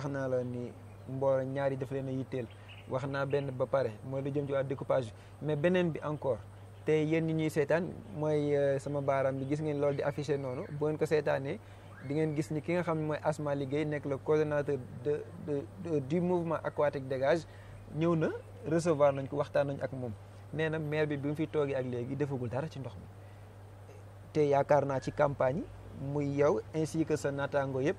wax naa la ni mbooloo ñaari dafa leen a yitteel wax naa benn ba pare mooy lu jëm ci wàllu découpage bi mais beneen bi encore te yéen ñi ñuy seetaan mooy euh, sama baaraam bi gis ngeen loolu di affiché noonu boo ngeen ko seetaanee di ngeen gis ni ki nga xam ne mooy Asma Liggéey nekk la coordonnateur de de du mouvement aquatique dégage ñëw na recevoir nañ ko waxtaan nañ ak moom nee na maire bi bi mu fi toogee ak léegi defagul dara ci ndox mi te yaakaar naa ci campagne muy yow ainsi sa naataango yëpp.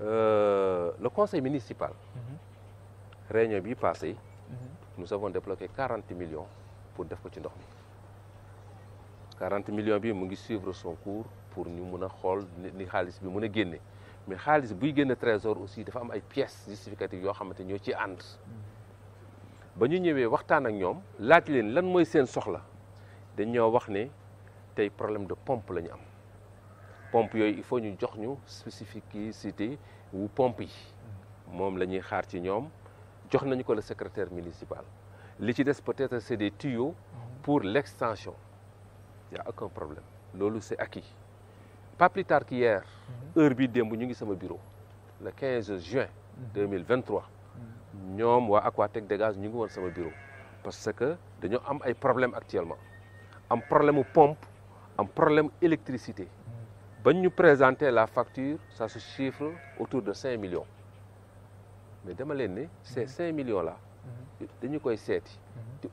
Euh, le conseil municipal. Mhm. réunion bi passé mhm. nous avons débloqué 40 millions pour def ko ci 40 millions bi mu suivre son cours pour ñu mëna xol ni xaliss bi mëna a mais xaliss buy trésor aussi dafa am ay pièces justificatives yo xamanté ñoo de and. Mhm. ba ñu ñëwé waxtaan ak ñom, laaj leen lan moy seen soxla dañ ñoo wax né tay problème de pompe la pompe yoy il faut ñu jox ñu spécificité wu les yi mom lañuy xaar ci ñom jox ko le secrétaire municipal li ci peut-être c'est des tuyaux pour l'extension il y a aucun problème c'est acquis pas plus tard qu'hier heure bi demb ñu ngi sama bureau le 15 juin 2023 nous wa Aquatec Dégage ñu ngi sama bureau parce que dañu am ay problèmes actuellement am problème pompe un problème d'électricité. Quand nous présenter la facture, ça se chiffre autour de 5 millions. Mais demain, ces 5 mhm. millions-là, nous les 7.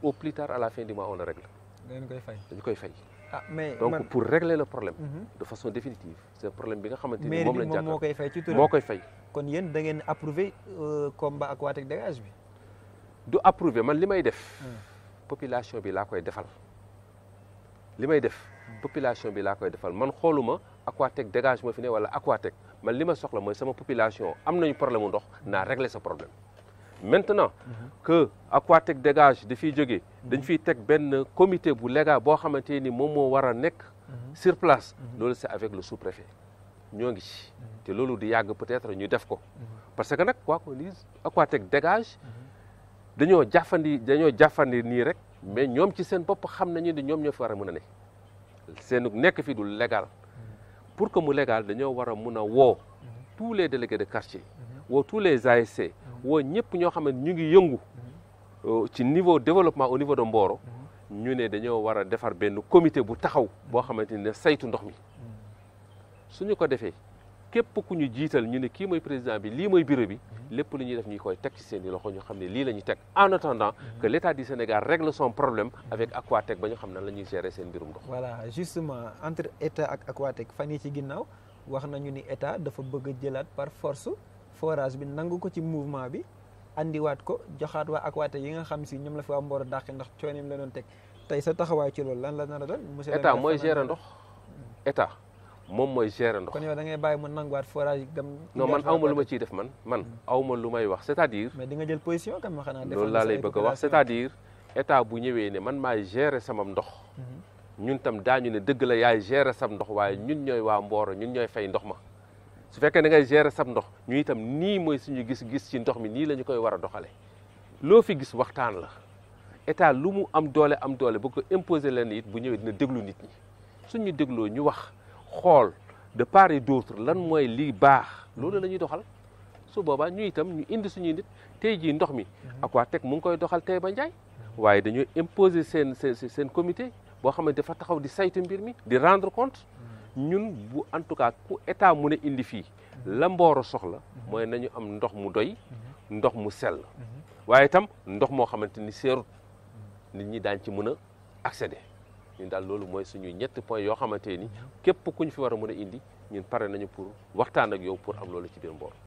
Au plus tard, à la fin du mois, on le règle. Nous avons ah, mais Donc, pour régler le problème mhm. de façon définitive, c'est un problème qui est très important. faut que tu te Donc, vous avez approuvé le combat aquatique dégage Du approuver, approuvé, ce que je fait, la population est là. Ce population bi la koy defal man xoluma Aquatech dégage moo fi né wala Aquatech man lima soxla moy sama population am nañu problème ndox na régler ce problème maintenant mhm. que Aquatech dégage dafiy jógee dañ fiy teg ben comité bu légal bo xamante ni mo wara nek mhm. sur place mhm. loolu c'est avec le sous-préfet ñoo ngi ci té loolu du yag peut-être ñu def ko parce que nak quoi qu'on dise Aquatech dégage dañoo jafandi dañoo jàffandi ni rek mais ñom ci sen bop xam nañu ni ñom ñoo fi war a seen nekk fi du legal pour que mu legal dañoo war a mun a woo tous les délégués de quartier woo tous les ASC woo ñëpp ñoo xam ne ñu ngi yëngu euh, ci niveau développement au niveau de Mboro ñu ne dañoo war a defar benn comité bu taxaw boo xamante ne saytu ndox mi suñu ko defee képp ku ñu jiital ñu ne kii mooy président bi lii mooy bureau bi mhm. lépp lu ñuy def ñu koy teg ci seen i loxo ñu xam ne lii la ñuy teg en attendant mhm. que l' état du Sénégal règle son problème mhm. avec Aquatec ba ñu xam nan la ñuy gérer seen mbirum ndox. voilà justement entre état ak Aquatec fan yi ci ginnaaw wax nañu ni état dafa bëgg a jëlaat par force forage bi nangu ko ci mouvement bi andiwaat ko joxaat waa Aquatec yi nga xam si ñoom la fi waa Mboro dàqe ndax cooneem la doon teg tey sa taxawaay ci lan la a doon. monsieur état mooy gérer ndox état. moom mooy gérer ndox. kon yow da ngay bàyyi mu nanguwaat man aw lu ma ciy def man man hmm. aw ma lu may wax c'est-à-dire. mais di nga jël position kam xanaa. loolu laa lay bëgg a dire état bu ñëwee ne man maay gere sama ndox. Hmm. ñun tam daañu ne dëgg la yaay gérer sam ndox waaye ñun ñooy waa mbooro ñun ñooy fay ndox ma su fekkee da ngay gérer sam ndox ñu itam nii mooy suñu gis-gis ci ndox mi nii la ñu koy war a doxale loo fi gis waxtaan la état lu mu am doole am doole ba ko leen it bu ñëwee dina déglu nit ñi suñu dégloo ñu wax xool de part et d'autre lan mooy lii baax loolu la ñuy doxal su boobaa ñu itam ñu indi suñuy nit tey jii ndox mi mhm. Aquatech mu ngi koy doxal tey ba Ndiaye waaye dañoo imposer seen seen seen comité boo xam ne dafa taxaw di saytu mbir mi di rendre compte mhm. ñun bu en tout cas ku état mun indi fii mhm. la Mboro soxla mooy nañu am ndox mu doy ndox mu sell waaye itam ndox moo xamante ni seerut nit ñi daañ ci mën a accéder ñun daal loolu mooy suñu ñetti point yoo xamante ni képp ku fi war a mën a indi ñun pare nañu pour waxtaan ak yow pour am loolu ci biir Mbour